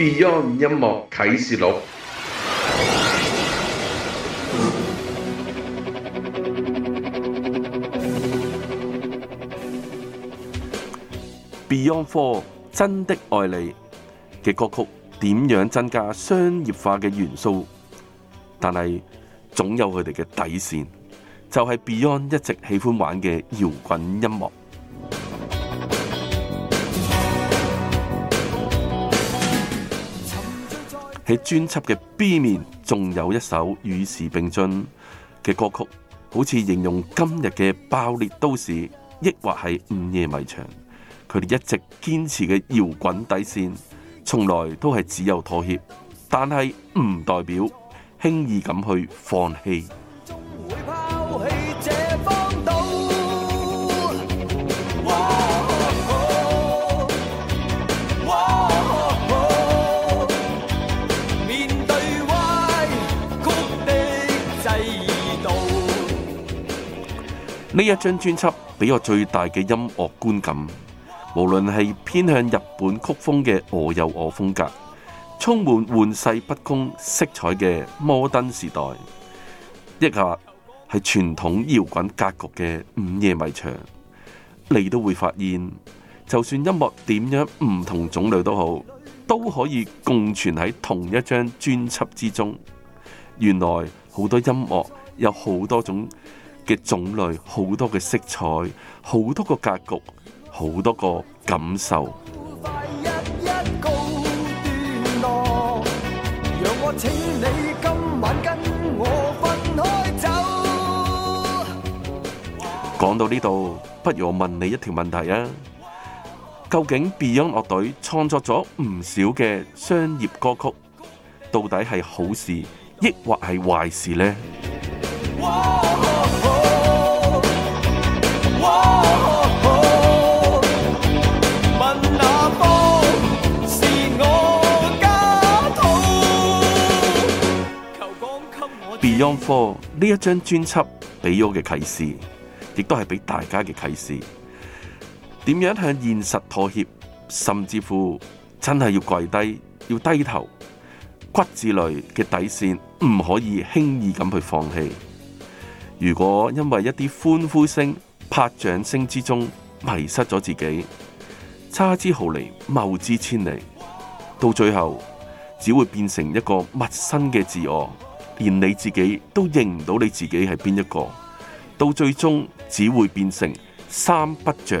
Beyond, Beyond 音樂啟事錄，Beyond Four 真的愛你嘅歌曲點樣增加商業化嘅元素？但係總有佢哋嘅底線，就係、是、Beyond 一直喜歡玩嘅搖滾音樂。喺專輯嘅 B 面，仲有一首與時並進嘅歌曲，好似形容今日嘅爆裂都市，抑或係午夜迷牆。佢哋一直堅持嘅搖滾底線，從來都係只有妥協，但係唔代表輕易咁去放棄。呢一張專輯俾我最大嘅音樂觀感，無論係偏向日本曲風嘅我有我風格，充滿玩世不恭色彩嘅摩登時代，亦或係傳統搖滾格局嘅午夜迷牆，你都會發現，就算音樂點樣唔同種類都好，都可以共存喺同一張專輯之中。原來好多音樂有好多種。嘅種類，好多嘅色彩，好多個格局，好多個感受。講到呢度，不如我問你一條問題啊？究竟 Beyond 樂隊創作咗唔少嘅商業歌曲，到底係好事，抑或係壞事呢？科呢一張專輯俾我嘅啟示，亦都係俾大家嘅啟示，點樣向現實妥協，甚至乎真係要跪低、要低頭，骨子裏嘅底線唔可以輕易咁去放棄。如果因為一啲歡呼聲、拍掌聲之中迷失咗自己，差之毫厘、謬之千里，到最後只會變成一個陌生嘅自我。連你自己都認唔到你自己係邊一個，到最終只會變成三不像。